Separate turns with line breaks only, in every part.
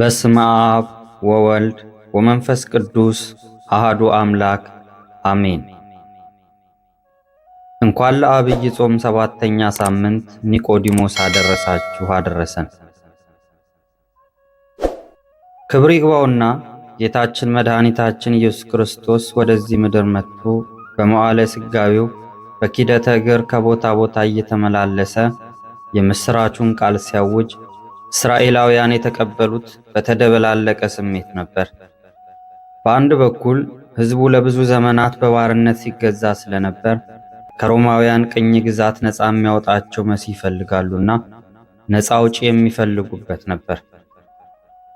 በስመ አብ ወወልድ ወመንፈስ ቅዱስ አሃዱ አምላክ አሜን። እንኳን ለዐቢይ ጾም ሰባተኛ ሳምንት ኒቆዲሞስ አደረሳችሁ አደረሰን። ክብር ይግባውና ጌታችን መድኃኒታችን ኢየሱስ ክርስቶስ ወደዚህ ምድር መጥቶ በመዋዕለ ሥጋዌው በኪደተ እግር ከቦታ ቦታ እየተመላለሰ የምሥራቹን ቃል ሲያውጅ እስራኤላውያን የተቀበሉት በተደበላለቀ ስሜት ነበር። በአንድ በኩል ሕዝቡ ለብዙ ዘመናት በባርነት ሲገዛ ስለነበር ከሮማውያን ቅኝ ግዛት ነፃ የሚያወጣቸው መሲህ ይፈልጋሉና ነፃ አውጪ የሚፈልጉበት ነበር።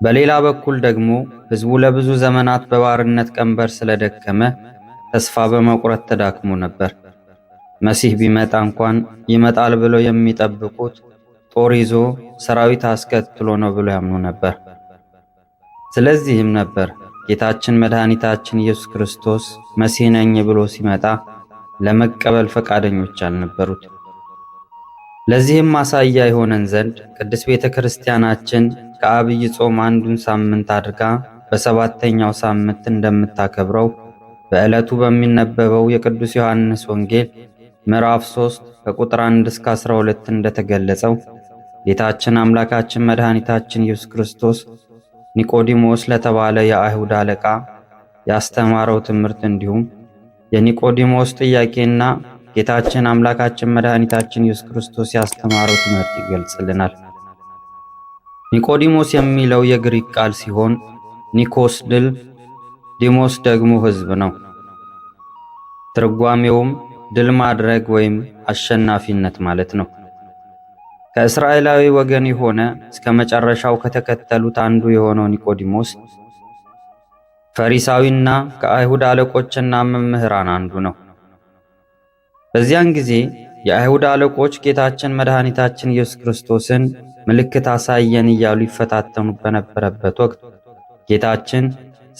በሌላ በኩል ደግሞ ሕዝቡ ለብዙ ዘመናት በባርነት ቀንበር ስለደከመ ተስፋ በመቁረጥ ተዳክሞ ነበር። መሲህ ቢመጣ እንኳን ይመጣል ብለው የሚጠብቁት ጦር ይዞ ሰራዊት አስከትሎ ነው ብሎ ያምኑ ነበር። ስለዚህም ነበር ጌታችን መድኃኒታችን ኢየሱስ ክርስቶስ መሲህ ነኝ ብሎ ሲመጣ ለመቀበል ፈቃደኞች አልነበሩት። ለዚህም ማሳያ የሆነን ዘንድ ቅድስት ቤተ ክርስቲያናችን ከአብይ ጾም አንዱን ሳምንት አድርጋ በሰባተኛው ሳምንት እንደምታከብረው በዕለቱ በሚነበበው የቅዱስ ዮሐንስ ወንጌል ምዕራፍ 3 ከቁጥር 1 እስከ 12 እንደተገለጸው ጌታችን አምላካችን መድኃኒታችን ኢየሱስ ክርስቶስ ኒቆዲሞስ ለተባለ የአይሁድ አለቃ ያስተማረው ትምህርት እንዲሁም የኒቆዲሞስ ጥያቄና ጌታችን አምላካችን መድኃኒታችን ኢየሱስ ክርስቶስ ያስተማረው ትምህርት ይገልጽልናል። ኒቆዲሞስ የሚለው የግሪክ ቃል ሲሆን ኒኮስ ድል፣ ዲሞስ ደግሞ ሕዝብ ነው። ትርጓሜውም ድል ማድረግ ወይም አሸናፊነት ማለት ነው። ከእስራኤላዊ ወገን የሆነ እስከ መጨረሻው ከተከተሉት አንዱ የሆነው ኒቆዲሞስ ፈሪሳዊና ከአይሁድ አለቆችና መምህራን አንዱ ነው። በዚያን ጊዜ የአይሁድ አለቆች ጌታችን መድኃኒታችን ኢየሱስ ክርስቶስን ምልክት አሳየን እያሉ ይፈታተኑ በነበረበት ወቅት ጌታችን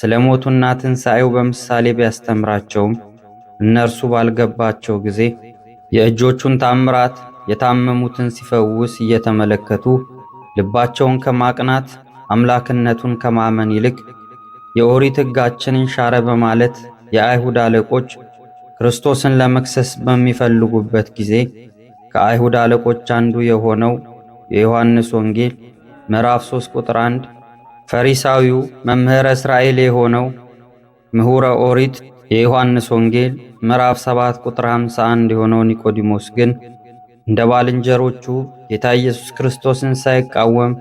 ስለ ሞቱና ትንሣኤው በምሳሌ ቢያስተምራቸውም እነርሱ ባልገባቸው ጊዜ የእጆቹን ታምራት የታመሙትን ሲፈውስ እየተመለከቱ ልባቸውን ከማቅናት አምላክነቱን ከማመን ይልቅ የኦሪት ሕጋችንን ሻረ በማለት የአይሁድ አለቆች ክርስቶስን ለመክሰስ በሚፈልጉበት ጊዜ ከአይሁድ አለቆች አንዱ የሆነው የዮሐንስ ወንጌል ምዕራፍ 3 ቁጥር 1 ፈሪሳዊው መምህረ እስራኤል የሆነው ምሁረ ኦሪት የዮሐንስ ወንጌል ምዕራፍ 7 ቁጥር 51 የሆነው ኒቆዲሞስ ግን እንደ ባልንጀሮቹ ጌታ ኢየሱስ ክርስቶስን ሳይቃወም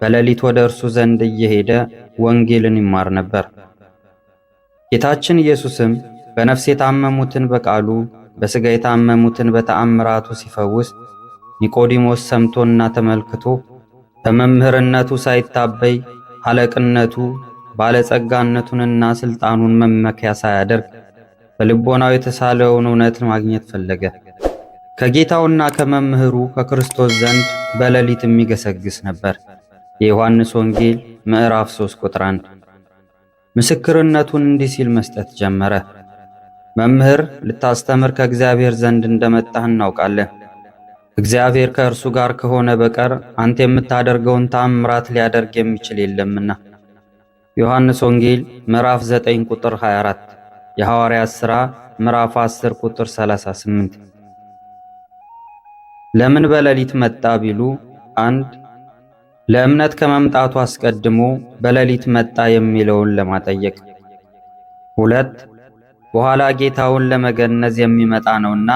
በሌሊት ወደ እርሱ ዘንድ እየሄደ ወንጌልን ይማር ነበር። ጌታችን ኢየሱስም በነፍስ የታመሙትን በቃሉ በሥጋ የታመሙትን በተአምራቱ ሲፈውስ ኒቆዲሞስ ሰምቶና ተመልክቶ በመምህርነቱ ሳይታበይ አለቅነቱ ባለጸጋነቱንና ሥልጣኑን መመኪያ ሳያደርግ በልቦናው የተሳለውን እውነት ማግኘት ፈለገ። ከጌታውና ከመምህሩ ከክርስቶስ ዘንድ በሌሊት የሚገሰግስ ነበር። የዮሐንስ ወንጌል ምዕራፍ 3 ቁጥር 1። ምስክርነቱን እንዲህ ሲል መስጠት ጀመረ። መምህር ልታስተምር ከእግዚአብሔር ዘንድ እንደመጣህ እናውቃለን። እግዚአብሔር ከእርሱ ጋር ከሆነ በቀር አንተ የምታደርገውን ታምራት ሊያደርግ የሚችል የለምና። ዮሐንስ ወንጌል ምዕራፍ 9 ቁጥር 24፣ የሐዋርያት ሥራ ምዕራፍ 10 ቁጥር 38 ለምን በሌሊት መጣ ቢሉ አንድ ለእምነት ከመምጣቱ አስቀድሞ በሌሊት መጣ የሚለውን ለማጠየቅ፣ ሁለት በኋላ ጌታውን ለመገነዝ የሚመጣ ነውና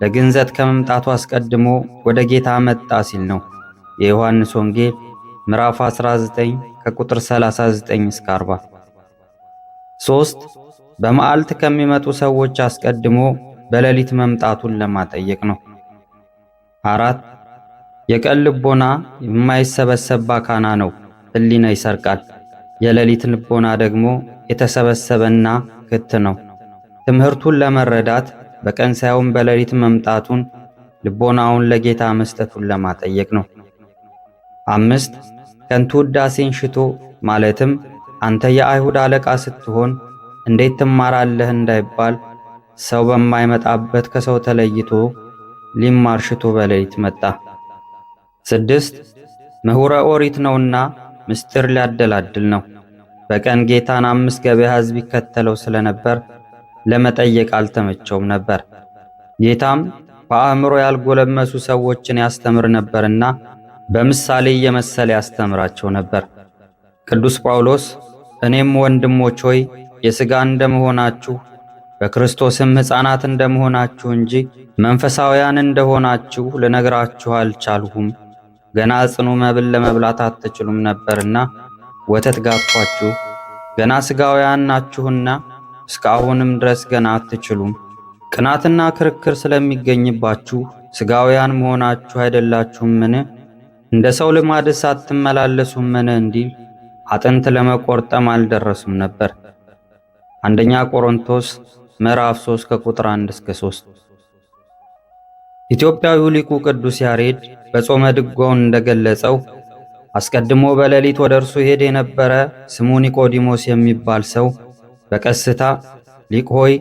ለግንዘት ከመምጣቱ አስቀድሞ ወደ ጌታ መጣ ሲል ነው። የዮሐንስ ወንጌል ምዕራፍ 19 ከቁጥር 39 እስከ 40። ሶስት በመዓልት ከሚመጡ ሰዎች አስቀድሞ በሌሊት መምጣቱን ለማጠየቅ ነው። አራት የቀን ልቦና የማይሰበሰብ ባካና ነው፣ ሕሊና ይሰርቃል። የሌሊት ልቦና ደግሞ የተሰበሰበና ክት ነው። ትምህርቱን ለመረዳት በቀን ሳይሆን በሌሊት መምጣቱን ልቦናውን ለጌታ መስጠቱን ለማጠየቅ ነው። አምስት ከንቱ ውዳሴን ሽቶ ማለትም አንተ የአይሁድ አለቃ ስትሆን እንዴት ትማራለህ እንዳይባል ሰው በማይመጣበት ከሰው ተለይቶ ሽቶ በሌሊት መጣ። ስድስት ምሁረ ኦሪት ነውና ምስጢር ሊያደላድል ነው። በቀን ጌታን አምስት ገበያ ሕዝብ ይከተለው ስለነበር ለመጠየቅ አልተመቸውም ነበር። ጌታም በአእምሮ ያልጎለመሱ ሰዎችን ያስተምር ነበርና በምሳሌ እየመሰለ ያስተምራቸው ነበር። ቅዱስ ጳውሎስ እኔም ወንድሞች ሆይ የሥጋ እንደመሆናችሁ በክርስቶስም ሕፃናት እንደመሆናችሁ እንጂ መንፈሳውያን እንደሆናችሁ ልነግራችሁ አልቻልሁም። ገና ጽኑ መብል ለመብላት አትችሉም ነበርና ወተት ጋፏችሁ ገና ሥጋውያን ናችሁና እስከ አሁንም ድረስ ገና አትችሉም። ቅናትና ክርክር ስለሚገኝባችሁ ሥጋውያን መሆናችሁ አይደላችሁምን? እንደ ሰው ልማድስ አትመላለሱምን? እንዲል አጥንት ለመቆርጠም አልደረሱም ነበር። አንደኛ ቆሮንቶስ ምዕራፍ 3 ከቁጥር 1 እስከ 3 ኢትዮጵያዊው ሊቁ ቅዱስ ያሬድ በጾመ ድጓው እንደገለጸው አስቀድሞ በሌሊት ወደ እርሱ ሄድ የነበረ ስሙ ኒቆዲሞስ የሚባል ሰው በቀስታ ሊቅ ሆይ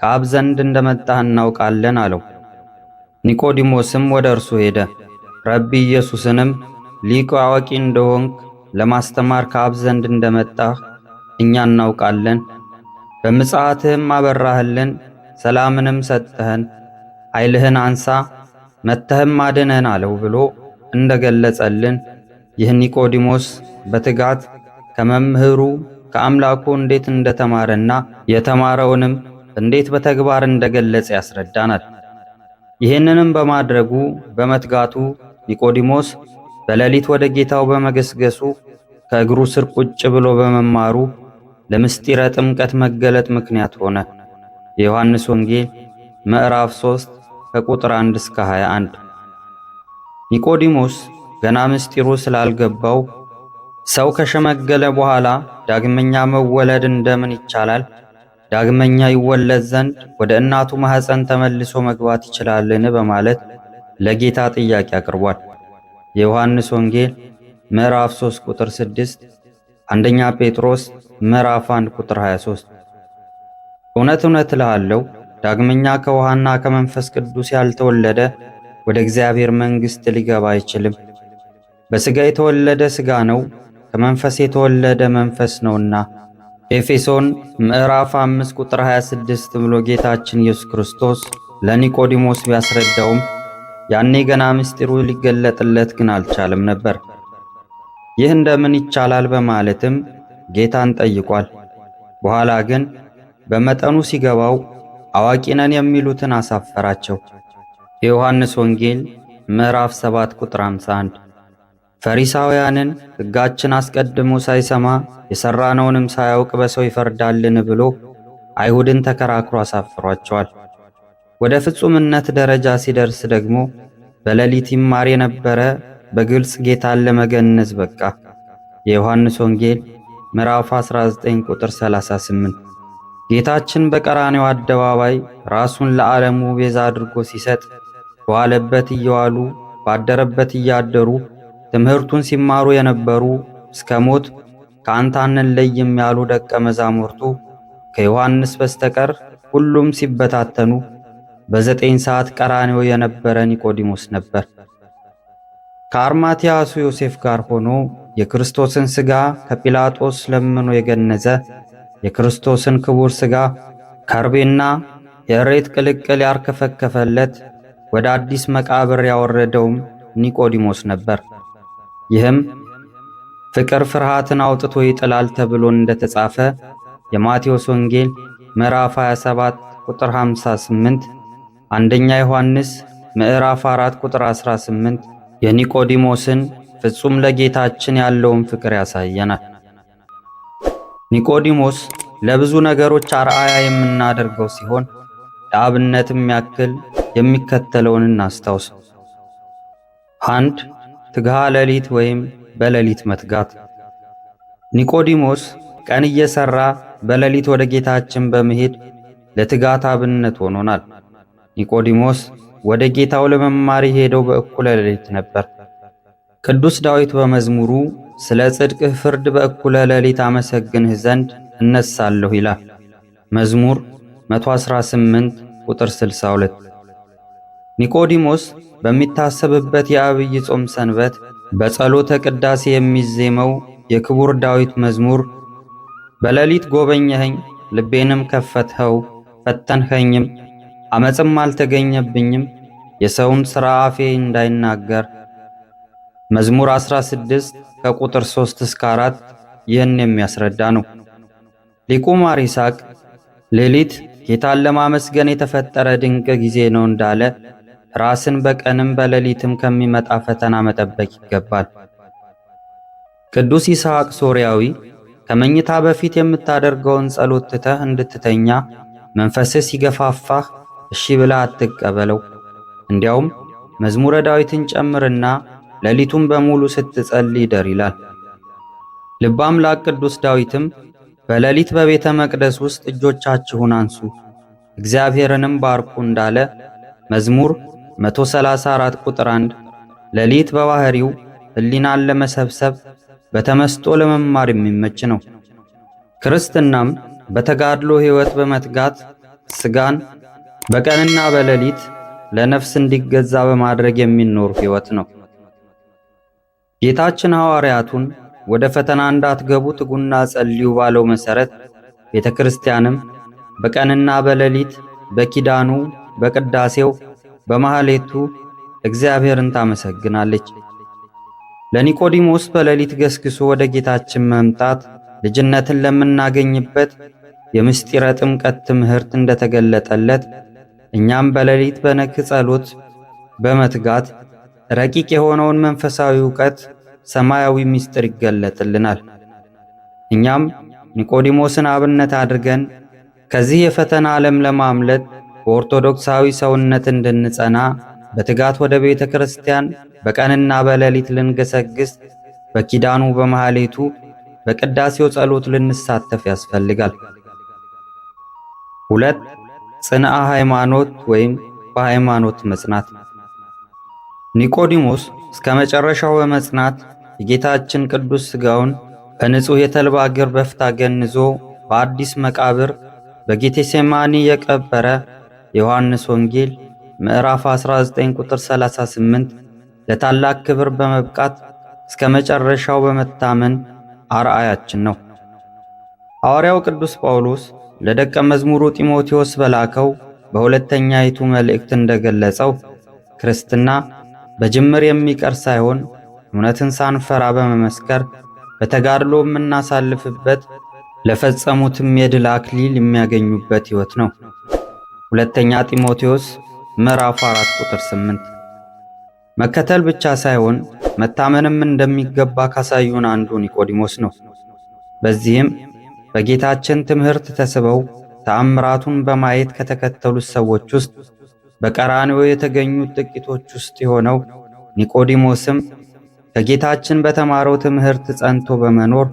ከአብ ዘንድ እንደመጣህ እናውቃለን አለው። ኒቆዲሞስም ወደ እርሱ ሄደ። ረቢ ኢየሱስንም ሊቅ አዋቂ እንደሆንክ ለማስተማር ከአብ ዘንድ እንደመጣህ እኛ እናውቃለን በምጽአትህም አበራህልን፣ ሰላምንም ሰጠህን። ኃይልህን አንሳ መተህም አድነን አለው ብሎ እንደገለጸልን ይህ ኒቆዲሞስ በትጋት ከመምህሩ ከአምላኩ እንዴት እንደተማረና የተማረውንም እንዴት በተግባር እንደገለጸ ያስረዳናል። ይህንንም በማድረጉ በመትጋቱ ኒቆዲሞስ በሌሊት ወደ ጌታው በመገስገሱ ከእግሩ ስር ቁጭ ብሎ በመማሩ ለምስጢረ ጥምቀት መገለጥ ምክንያት ሆነ። የዮሐንስ ወንጌል ምዕራፍ 3 ከቁጥር 1 እስከ 21። ኒቆዲሞስ ገና ምስጢሩ ስላልገባው ሰው ከሸመገለ በኋላ ዳግመኛ መወለድ እንደምን ይቻላል? ዳግመኛ ይወለድ ዘንድ ወደ እናቱ ማኅፀን ተመልሶ መግባት ይችላልን? በማለት ለጌታ ጥያቄ አቅርቧል። የዮሐንስ ወንጌል ምዕራፍ 3 ቁጥር 6 አንደኛ ጴጥሮስ ምዕራፍ 1 ቁጥር 23 እውነት እውነት እልሃለሁ ዳግመኛ ከውሃና ከመንፈስ ቅዱስ ያልተወለደ ወደ እግዚአብሔር መንግሥት ሊገባ አይችልም። በሥጋ የተወለደ ሥጋ ነው፣ ከመንፈስ የተወለደ መንፈስ ነውና። ኤፌሶን ምዕራፍ 5 ቁጥር 26 ብሎ ጌታችን ኢየሱስ ክርስቶስ ለኒቆዲሞስ ቢያስረዳውም ያኔ ገና ምስጢሩ ሊገለጥለት ግን አልቻለም ነበር። ይህ እንደምን ይቻላል በማለትም ጌታን ጠይቋል። በኋላ ግን በመጠኑ ሲገባው አዋቂ ነን የሚሉትን አሳፈራቸው። የዮሐንስ ወንጌል ምዕራፍ 7 ቁጥር 51 ፈሪሳውያንን ሕጋችን አስቀድሞ ሳይሰማ የሠራነውንም ሳያውቅ በሰው ይፈርዳልን ብሎ አይሁድን ተከራክሮ አሳፍሯቸዋል። ወደ ፍጹምነት ደረጃ ሲደርስ ደግሞ በሌሊት ይማር የነበረ በግልጽ ጌታን ለመገነዝ በቃ። የዮሐንስ ወንጌል ምዕራፍ 19 ቁጥር 38። ጌታችን በቀራኔው አደባባይ ራሱን ለዓለሙ ቤዛ አድርጎ ሲሰጥ በዋለበት እየዋሉ ባደረበት እያደሩ ትምህርቱን ሲማሩ የነበሩ እስከ ሞት ከአንተ አንለይም ያሉ ደቀ መዛሙርቱ ከዮሐንስ በስተቀር ሁሉም ሲበታተኑ በዘጠኝ ሰዓት ቀራኔው የነበረ ኒቆዲሞስ ነበር። ከአርማትያሱ ዮሴፍ ጋር ሆኖ የክርስቶስን ሥጋ ከጲላጦስ ለምኖ የገነዘ የክርስቶስን ክቡር ሥጋ ከርቤና የእሬት ቅልቅል ያርከፈከፈለት ወደ አዲስ መቃብር ያወረደውም ኒቆዲሞስ ነበር። ይህም ፍቅር ፍርሃትን አውጥቶ ይጥላል ተብሎ እንደተጻፈ የማቴዎስ ወንጌል ምዕራፍ 27 ቁጥር 58፣ አንደኛ ዮሐንስ ምዕራፍ 4 ቁጥር 18 የኒቆዲሞስን ፍጹም ለጌታችን ያለውን ፍቅር ያሳየናል። ኒቆዲሞስ ለብዙ ነገሮች አርአያ የምናደርገው ሲሆን ለአብነትም ያክል የሚከተለውን እናስታውስ። አንድ ትግሃ ሌሊት ወይም በሌሊት መትጋት። ኒቆዲሞስ ቀን እየሰራ በሌሊት ወደ ጌታችን በመሄድ ለትጋት አብነት ሆኖናል። ኒቆዲሞስ ወደ ጌታው ለመማር የሄደው በእኩለ ሌሊት ነበር። ቅዱስ ዳዊት በመዝሙሩ ስለ ጽድቅህ ፍርድ በእኩለ ሌሊት አመሰግንህ ዘንድ እነሳለሁ ይላል። መዝሙር 118 ቁጥር 62። ኒቆዲሞስ በሚታሰብበት የአብይ ጾም ሰንበት በጸሎተ ቅዳሴ የሚዜመው የክቡር ዳዊት መዝሙር በሌሊት ጎበኘኸኝ፣ ልቤንም ከፈትኸው፣ ፈተንኸኝም አመፅም አልተገኘብኝም። የሰውን ሥራ አፌ እንዳይናገር መዝሙር 16 ከቁጥር 3 እስከ 4 ይህን የሚያስረዳ ነው። ሊቁ ማር ይስሐቅ ሌሊት ጌታን ለማመስገን የተፈጠረ ድንቅ ጊዜ ነው እንዳለ ራስን በቀንም በሌሊትም ከሚመጣ ፈተና መጠበቅ ይገባል። ቅዱስ ይስሐቅ ሶርያዊ ከመኝታ በፊት የምታደርገውን ጸሎት ትተህ እንድትተኛ መንፈስህ ሲገፋፋህ እሺ ብለህ አትቀበለው። እንዲያውም መዝሙረ ዳዊትን ጨምርና ሌሊቱን በሙሉ ስትጸልይ ደር ይላል። ልበ አምላክ ቅዱስ ዳዊትም በሌሊት በቤተ መቅደስ ውስጥ እጆቻችሁን አንሱ እግዚአብሔርንም ባርኩ እንዳለ መዝሙር 134 ቁጥር 1 ሌሊት በባህሪው ሕሊናን ለመሰብሰብ በተመስጦ ለመማር የሚመች ነው። ክርስትናም በተጋድሎ ሕይወት በመትጋት ስጋን በቀንና በሌሊት ለነፍስ እንዲገዛ በማድረግ የሚኖር ሕይወት ነው። ጌታችን ሐዋርያቱን ወደ ፈተና እንዳትገቡ ትጉና ጸልዩ ባለው መሠረት ቤተ ክርስቲያንም በቀንና በሌሊት በኪዳኑ፣ በቅዳሴው፣ በማኅሌቱ እግዚአብሔርን ታመሰግናለች። ለኒቆዲሞስ በሌሊት ገስግሶ ወደ ጌታችን መምጣት ልጅነትን ለምናገኝበት የምስጢረ ጥምቀት ትምህርት እንደተገለጠለት እኛም በሌሊት በነክ ጸሎት በመትጋት ረቂቅ የሆነውን መንፈሳዊ ዕውቀት ሰማያዊ ምስጢር ይገለጥልናል። እኛም ኒቆዲሞስን አብነት አድርገን ከዚህ የፈተና ዓለም ለማምለጥ በኦርቶዶክሳዊ ሰውነት እንድንጸና በትጋት ወደ ቤተ ክርስቲያን በቀንና በሌሊት ልንገሰግስ፣ በኪዳኑ በመሐሌቱ በቅዳሴው ጸሎት ልንሳተፍ ያስፈልጋል። ሁለት ጽንአ ሃይማኖት ወይም በሃይማኖት መጽናት። ኒቆዲሞስ እስከ መጨረሻው በመጽናት የጌታችን ቅዱስ ሥጋውን በንጹሕ የተልባ እግር በፍታ ገንዞ በአዲስ መቃብር በጌቴሴማኒ የቀበረ የዮሐንስ ወንጌል ምዕራፍ 19 ቁጥር 38 ለታላቅ ክብር በመብቃት እስከ መጨረሻው በመታመን አርአያችን ነው። ሐዋርያው ቅዱስ ጳውሎስ ለደቀ መዝሙሩ ጢሞቴዎስ በላከው በሁለተኛይቱ መልእክት እንደገለጸው ክርስትና በጅምር የሚቀር ሳይሆን እውነትን ሳንፈራ በመመስከር በተጋድሎ የምናሳልፍበት ለፈጸሙትም የድል አክሊል የሚያገኙበት ሕይወት ነው። ሁለተኛ ጢሞቴዎስ ምዕራፍ 4 ቁጥር 8። መከተል ብቻ ሳይሆን መታመንም እንደሚገባ ካሳዩን አንዱ ኒቆዲሞስ ነው። በዚህም በጌታችን ትምህርት ተስበው ተአምራቱን በማየት ከተከተሉት ሰዎች ውስጥ በቀራንዮ የተገኙት ጥቂቶች ውስጥ የሆነው ኒቆዲሞስም ከጌታችን በተማረው ትምህርት ጸንቶ በመኖር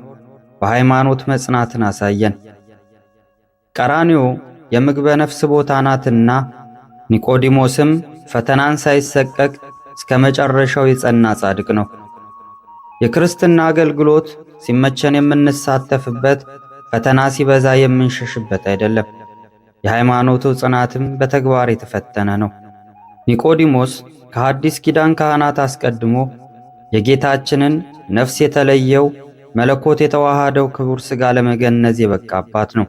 በሃይማኖት መጽናትን አሳየን። ቀራንዮ የምግበ ነፍስ ቦታ ናትና ኒቆዲሞስም ፈተናን ሳይሰቀቅ እስከ መጨረሻው የጸና ጻድቅ ነው። የክርስትና አገልግሎት ሲመቸን የምንሳተፍበት ፈተና ሲበዛ የምንሸሽበት አይደለም። የሃይማኖቱ ጽናትም በተግባር የተፈተነ ነው። ኒቆዲሞስ ከሐዲስ ኪዳን ካህናት አስቀድሞ የጌታችንን ነፍስ የተለየው መለኮት የተዋሃደው ክቡር ሥጋ ለመገነዝ የበቃባት ነው።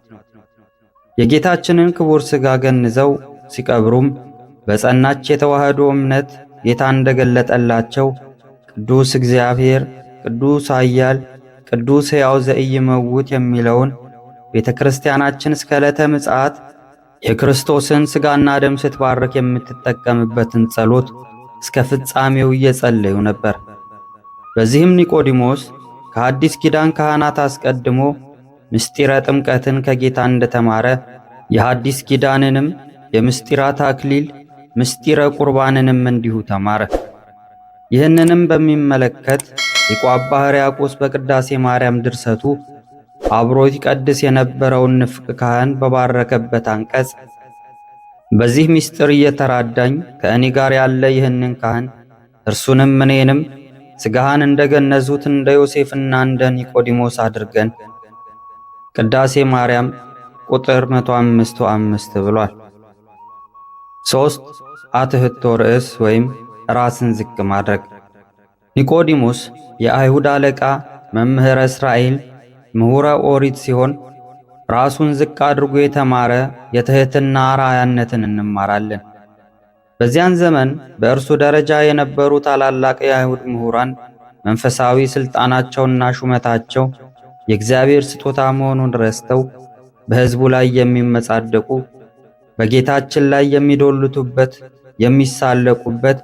የጌታችንን ክቡር ሥጋ ገንዘው ሲቀብሩም በጸናች የተዋህዶ እምነት ጌታ እንደገለጠላቸው ቅዱስ እግዚአብሔር፣ ቅዱስ አያል። ቅዱስ ሕያው ዘኢይመውት የሚለውን ቤተ ክርስቲያናችን እስከ ዕለተ ምጽአት የክርስቶስን ሥጋና ደም ስትባርክ የምትጠቀምበትን ጸሎት እስከ ፍጻሜው እየጸለዩ ነበር። በዚህም ኒቆዲሞስ ከአዲስ ኪዳን ካህናት አስቀድሞ ምስጢረ ጥምቀትን ከጌታ እንደተማረ የሐዲስ ኪዳንንም የምስጢራት አክሊል ምስጢረ ቁርባንንም እንዲሁ ተማረ። ይህንንም በሚመለከት ሊቁ አባ ሕርያቆስ በቅዳሴ ማርያም ድርሰቱ አብሮት ይቀድስ የነበረውን ንፍቅ ካህን በባረከበት አንቀጽ በዚህ ምስጢር እየተራዳኝ ከእኔ ጋር ያለ ይህንን ካህን እርሱንም እኔንም ሥጋህን እንደ ገነዙት እንደ ዮሴፍና እንደ ኒቆዲሞስ አድርገን ቅዳሴ ማርያም ቁጥር 155 ብሏል። ሶስት አትህቶ ርዕስ ወይም ራስን ዝቅ ማድረግ ኒቆዲሞስ የአይሁድ አለቃ መምህረ እስራኤል ምሁረ ኦሪት ሲሆን ራሱን ዝቅ አድርጎ የተማረ የትህትና አራያነትን እንማራለን። በዚያን ዘመን በእርሱ ደረጃ የነበሩ ታላላቅ የአይሁድ ምሁራን መንፈሳዊ ሥልጣናቸውና ሹመታቸው የእግዚአብሔር ስጦታ መሆኑን ረስተው በሕዝቡ ላይ የሚመጻደቁ በጌታችን ላይ የሚዶልቱበት፣ የሚሳለቁበት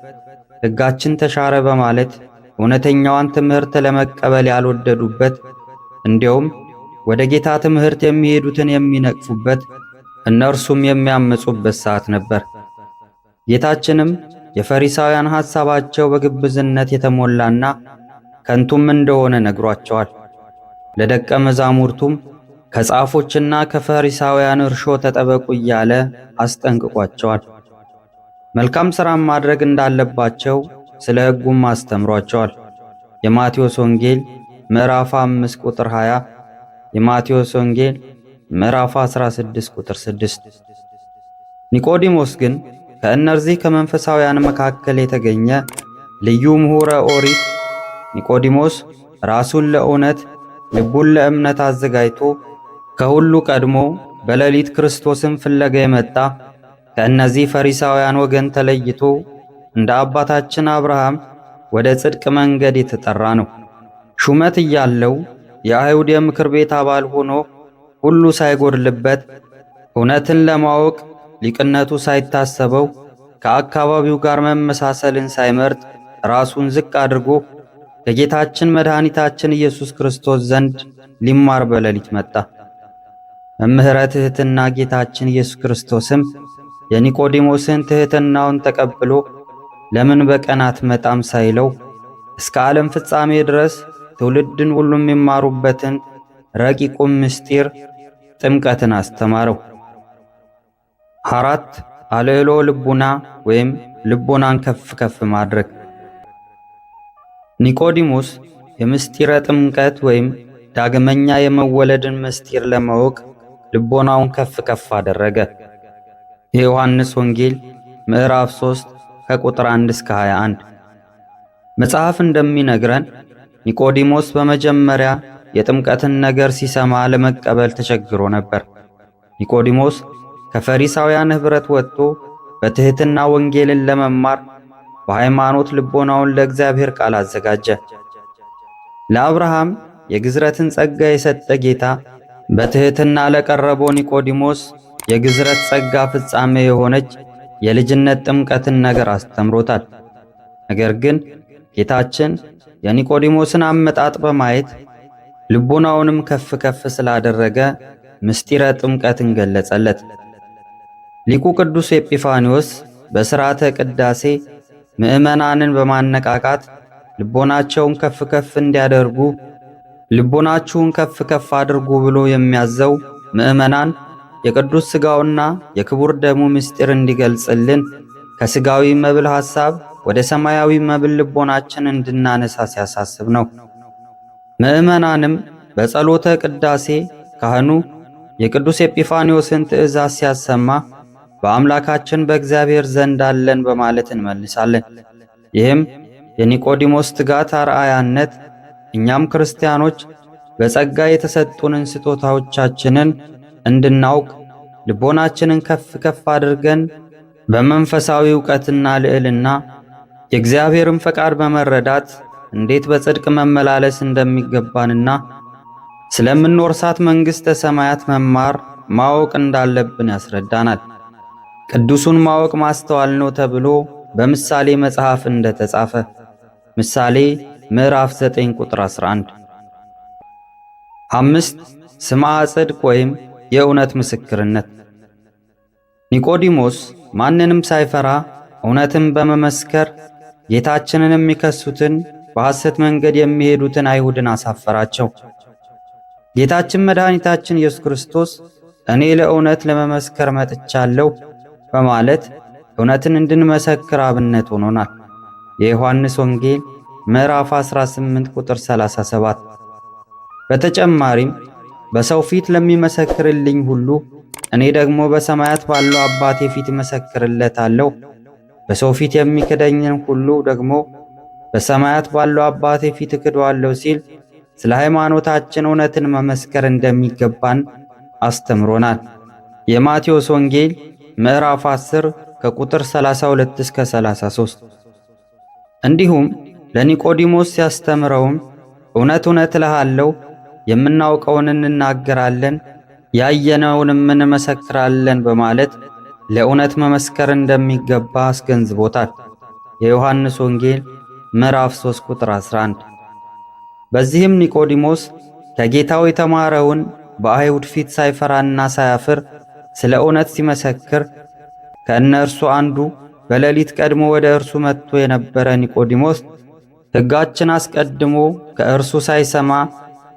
ሕጋችን ተሻረ በማለት እውነተኛዋን ትምህርት ለመቀበል ያልወደዱበት እንዲያውም ወደ ጌታ ትምህርት የሚሄዱትን የሚነቅፉበት እነርሱም የሚያምፁበት ሰዓት ነበር። ጌታችንም የፈሪሳውያን ሐሳባቸው በግብዝነት የተሞላና ከንቱም እንደሆነ ነግሯቸዋል። ለደቀ መዛሙርቱም ከጻፎችና ከፈሪሳውያን እርሾ ተጠበቁ እያለ አስጠንቅቋቸዋል። መልካም ሥራም ማድረግ እንዳለባቸው ስለ ሕጉም አስተምሯቸዋል። የማቴዎስ ወንጌል ምዕራፍ 5 ቁጥር 20፣ የማቴዎስ ወንጌል ምዕራፍ 16 ቁጥር 6። ኒቆዲሞስ ግን ከእነርዚህ ከመንፈሳውያን መካከል የተገኘ ልዩ ምሁረ ኦሪት ኒቆዲሞስ ራሱን ለእውነት ልቡን ለእምነት አዘጋጅቶ ከሁሉ ቀድሞ በሌሊት ክርስቶስን ፍለጋ የመጣ ከእነዚህ ፈሪሳውያን ወገን ተለይቶ እንደ አባታችን አብርሃም ወደ ጽድቅ መንገድ የተጠራ ነው። ሹመት እያለው የአይሁድ የምክር ቤት አባል ሆኖ ሁሉ ሳይጎድልበት እውነትን ለማወቅ ሊቅነቱ ሳይታሰበው ከአካባቢው ጋር መመሳሰልን ሳይመርጥ ራሱን ዝቅ አድርጎ ከጌታችን መድኃኒታችን ኢየሱስ ክርስቶስ ዘንድ ሊማር በሌሊት መጣ። መምህረ ትሕትና ጌታችን ኢየሱስ ክርስቶስም የኒቆዲሞስን ትሕትናውን ተቀብሎ ለምን በቀናት መጣም ሳይለው እስከ ዓለም ፍጻሜ ድረስ ትውልድን ሁሉ የሚማሩበትን ረቂቁም ምስጢር ጥምቀትን አስተማረው። አራት አልዕሎ ልቡና ወይም ልቦናን ከፍ ከፍ ማድረግ። ኒቆዲሞስ የምስጢረ ጥምቀት ወይም ዳግመኛ የመወለድን ምስጢር ለማወቅ ልቦናውን ከፍ ከፍ አደረገ። የዮሐንስ ወንጌል ምዕራፍ 3 ከቁጥር 1 እስከ 21 መጽሐፍ እንደሚነግረን ኒቆዲሞስ በመጀመሪያ የጥምቀትን ነገር ሲሰማ ለመቀበል ተቸግሮ ነበር። ኒቆዲሞስ ከፈሪሳውያን ኅብረት ወጥቶ በትሕትና ወንጌልን ለመማር በሃይማኖት ልቦናውን ለእግዚአብሔር ቃል አዘጋጀ። ለአብርሃም የግዝረትን ጸጋ የሰጠ ጌታ በትሕትና ለቀረበው ኒቆዲሞስ የግዝረት ጸጋ ፍጻሜ የሆነች የልጅነት ጥምቀትን ነገር አስተምሮታል። ነገር ግን ጌታችን የኒቆዲሞስን አመጣጥ በማየት ልቦናውንም ከፍ ከፍ ስላደረገ ምስጢረ ጥምቀትን ገለጸለት። ሊቁ ቅዱስ ኤጲፋኒዎስ በሥርዓተ ቅዳሴ ምዕመናንን በማነቃቃት ልቦናቸውን ከፍ ከፍ እንዲያደርጉ ልቦናችሁን ከፍ ከፍ አድርጉ ብሎ የሚያዘው ምዕመናን የቅዱስ ሥጋውና የክቡር ደሙ ምስጢር እንዲገልጽልን ከሥጋዊ መብል ሐሳብ ወደ ሰማያዊ መብል ልቦናችን እንድናነሳ ሲያሳስብ ነው። ምዕመናንም በጸሎተ ቅዳሴ ካህኑ የቅዱስ ኤጲፋኒዮስን ትእዛዝ ሲያሰማ በአምላካችን በእግዚአብሔር ዘንድ አለን በማለት እንመልሳለን። ይህም የኒቆዲሞስ ትጋት አርአያነት እኛም ክርስቲያኖች በጸጋ የተሰጡንን ስጦታዎቻችንን እንድናውቅ ልቦናችንን ከፍ ከፍ አድርገን በመንፈሳዊ ዕውቀትና ልዕልና የእግዚአብሔርን ፈቃድ በመረዳት እንዴት በጽድቅ መመላለስ እንደሚገባንና ስለምንወርሳት መንግሥተ ሰማያት መማር ማወቅ እንዳለብን ያስረዳናል። ቅዱሱን ማወቅ ማስተዋል ነው ተብሎ በምሳሌ መጽሐፍ እንደተጻፈ ምሳሌ ምዕራፍ 9 ቁጥር 11። አምስት ስማ ጽድቅ ወይም የእውነት ምስክርነት። ኒቆዲሞስ ማንንም ሳይፈራ እውነትን በመመስከር ጌታችንን የሚከሱትን በሐሰት መንገድ የሚሄዱትን አይሁድን አሳፈራቸው። ጌታችን መድኃኒታችን ኢየሱስ ክርስቶስ እኔ ለእውነት ለመመስከር መጥቻለሁ በማለት እውነትን እንድንመሰክር አብነት ሆኖናል። የዮሐንስ ወንጌል ምዕራፍ 18 ቁጥር 37። በተጨማሪም በሰው ፊት ለሚመሰክርልኝ ሁሉ እኔ ደግሞ በሰማያት ባለው አባቴ ፊት እመሰክርለታለሁ። በሰው ፊት የሚክደኝን ሁሉ ደግሞ በሰማያት ባለው አባቴ ፊት እክደዋለሁ ሲል ስለ ሃይማኖታችን እውነትን መመስከር እንደሚገባን አስተምሮናል። የማቴዎስ ወንጌል ምዕራፍ 10 ከቁጥር 32 እስከ 33። እንዲሁም ለኒቆዲሞስ ሲያስተምረውም እውነት እውነት እልሃለሁ የምናውቀውን እንናገራለን፣ ያየነውንም እንመሰክራለን በማለት ለእውነት መመስከር እንደሚገባ አስገንዝቦታል። የዮሐንስ ወንጌል ምዕራፍ 3 ቁጥር 11። በዚህም ኒቆዲሞስ ከጌታው የተማረውን በአይሁድ ፊት ሳይፈራና ሳያፍር ስለ እውነት ሲመሰክር ከእነርሱ አንዱ በሌሊት ቀድሞ ወደ እርሱ መጥቶ የነበረ ኒቆዲሞስ ሕጋችን አስቀድሞ ከእርሱ ሳይሰማ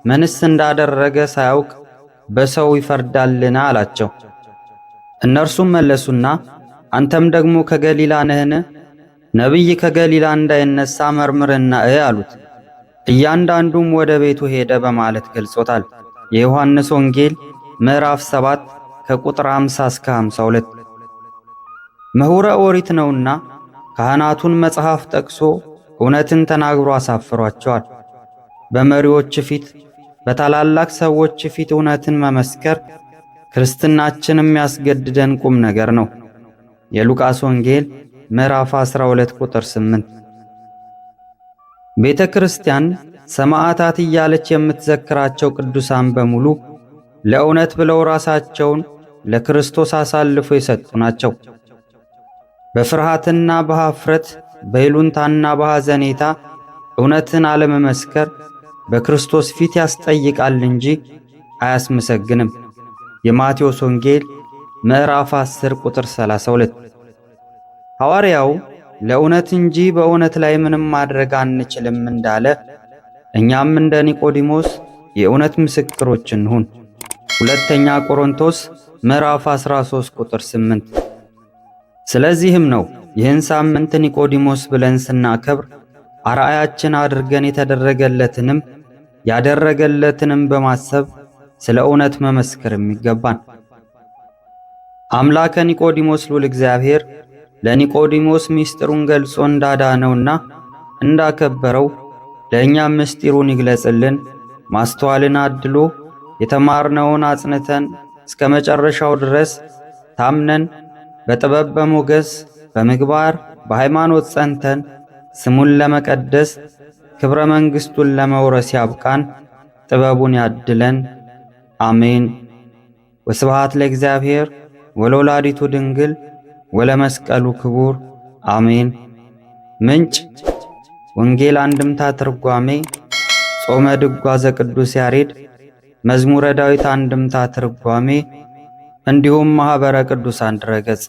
ምንስ እንዳደረገ ሳያውቅ በሰው ይፈርዳልን? አላቸው። እነርሱም መለሱና አንተም ደግሞ ከገሊላ ነህን? ነቢይ ከገሊላ እንዳይነሳ መርምርና እ አሉት። እያንዳንዱም ወደ ቤቱ ሄደ በማለት ገልጾታል። የዮሐንስ ወንጌል ምዕራፍ 7 ከቁጥር 50 እስከ 52 ምሁረ ኦሪት ነውና ካህናቱን መጽሐፍ ጠቅሶ እውነትን ተናግሮ አሳፍሯቸዋል። በመሪዎች ፊት በታላላቅ ሰዎች ፊት እውነትን መመስከር ክርስትናችን የሚያስገድደን ቁም ነገር ነው። የሉቃስ ወንጌል ምዕራፍ 12 ቁጥር 8። ቤተ ክርስቲያን ሰማዕታት እያለች የምትዘክራቸው ቅዱሳን በሙሉ ለእውነት ብለው ራሳቸውን ለክርስቶስ አሳልፎ የሰጡ ናቸው። በፍርሃትና በሐፍረት በይሉንታና በሐዘኔታ እውነትን አለመመስከር በክርስቶስ ፊት ያስጠይቃል እንጂ አያስመሰግንም። የማቴዎስ ወንጌል ምዕራፍ 10 ቁጥር 32። ሐዋርያው ለእውነት እንጂ በእውነት ላይ ምንም ማድረግ አንችልም እንዳለ እኛም እንደ ኒቆዲሞስ የእውነት ምስክሮች እንሁን። ሁለተኛ ቆሮንቶስ ምዕራፍ 13 ቁጥር 8። ስለዚህም ነው ይህን ሳምንት ኒቆዲሞስ ብለን ስናከብር አርአያችን አድርገን የተደረገለትንም ያደረገለትንም በማሰብ ስለ እውነት መመስከርም ይገባን። አምላከ ኒቆዲሞስ ልዑል እግዚአብሔር ለኒቆዲሞስ ምስጢሩን ገልጾ እንዳዳነውና እንዳከበረው ለእኛም ምስጢሩን ይግለጽልን። ማስተዋልን አድሎ የተማርነውን አጽንተን እስከ መጨረሻው ድረስ ታምነን በጥበብ በሞገስ በምግባር በሃይማኖት ጸንተን ስሙን ለመቀደስ ክብረ መንግሥቱን ለመውረስ ያብቃን፣ ጥበቡን ያድለን። አሜን። ወስብሐት ለእግዚአብሔር ወለወላዲቱ ድንግል ወለመስቀሉ ክቡር አሜን። ምንጭ ወንጌል አንድምታ ትርጓሜ ጾመ ድጓ ዘቅዱስ ያሬድ መዝሙረ ዳዊት አንድምታ ትርጓሜ እንዲሁም ማኅበረ ቅዱሳን ድረገጽ